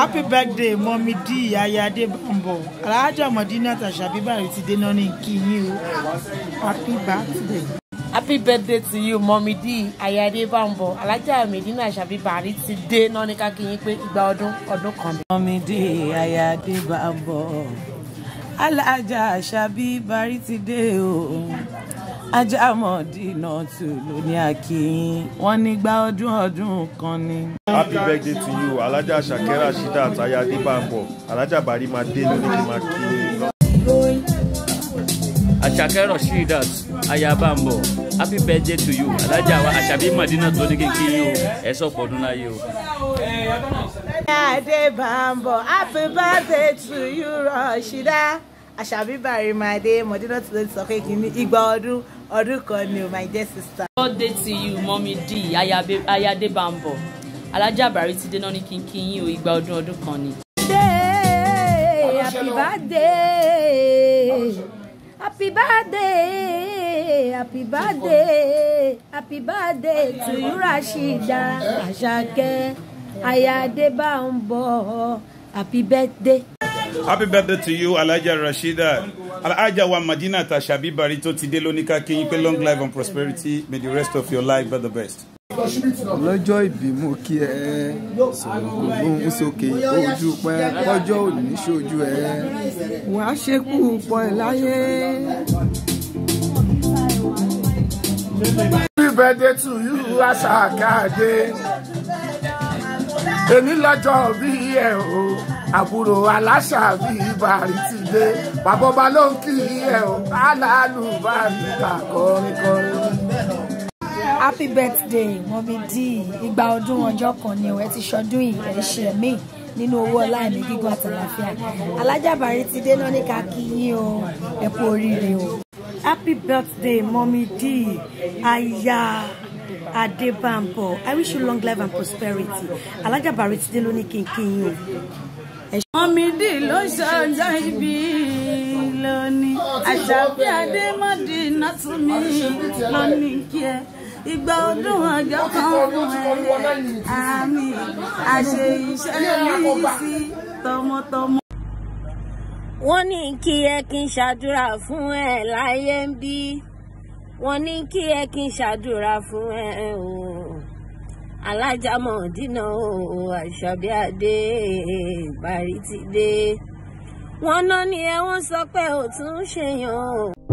happy birthday mọ́mí dí ìyáyá adébọ̀nbọ̀ alájà mọ̀dínà tàṣàbí bàrí ti dénà ní kíyìn o happy birthday. happy birthday to you mọ́mí dí ìyáyá adébọ̀nbọ̀ alájà mọ̀dínà tàṣàbí bàrí ti dénà ní kákíyìn pé ìgbà ọdún ọdún kan. D. dí ìyáyá adébọ̀nbọ̀ alájà tàṣàbí bàrí ti dé o ajámọ̀dínà tù ló ní àkìyìn wọ́n nígbà ọdún ọdún kan ni. happy birthday to you alájà Ṣàkẹ́ Ràṣídà àtàyà adébàbọ̀ alájà bàrí máa dé lórí kí n máa kí i. Àṣàkẹ́ Ràṣídà ayábàbọ̀ happy birthday to you alájà wa àṣàbí madina tó ní kí n kí yín o ẹ̀ ọdún láyé o. adébàbọ̀ happy birthday to you Ràṣídà àṣàbí bari máa dé mọ̀dínà tó ti sọ pé igba ọdún ọdún kan ni o my dear sister. birthday to you mommy d ayáde bambo alájà àbárí ti dé náà ní kínkín yín o ìgbà ọdún ọdún kan ni. happy birthday happy birthday happy birthday happy birthday to you Rashida Àṣàkẹ́ ayáde bambo happy birthday happy birthday to you Alaja rashida Alaja, wa madina tashabi bari tó ti dé lóníkà kí yín pé long life and prosperity may the rest of your life be the best. lọ́jọ́ ìbí mo kí ẹ sọ̀rọ̀ kò gbóhùn sókè ojú pẹ́ kọjọ́ òní ṣojú ẹ. wàá ṣekú pọ̀ ẹ̀ láyé. happy birthday to you asakade èmi lọ́jọ́ bí ẹ o àbúrò aláṣà bí bàrí ti dé bàbọ́ba ló ń kí ẹ o aláàlú bàrí kà kọrin kọrin. happy birthday mọ́mí d ìgbà ọdún ọjọ́ kan ni ẹ ti ṣọdún ìrẹsẹ̀ mi nínú owó ọlá ẹ̀mí gígùn àtàlàfíà alájà bàrí ti dé náà ní ká yín o ẹ kú oríire o. happy birthday mọ́mí d àyà. Adebambo. I wish you long life and prosperity. Alájà Barrett dé ló ní kí n kí yín o. Ọmídì ló ṣọjọ́ ibi lónìí. Àṣàbí Adémọ́dé náà tún mí lónìí kí ẹ ìgbà ọdún ọjọ́ kan fún ẹ àmì àṣe iṣẹ́ yìí sí tọmọtọmọ. wọ́n ní kí ẹ kí n ṣàdúrà fún wọ́n ní kí ẹ kí n ṣàdúrà fún ẹ o alájàmọ̀ dínà o àṣàbí adé ìparí ti dé wọ́n náà ni ẹ wọ́n sọ pé ò tún ṣèyàn o.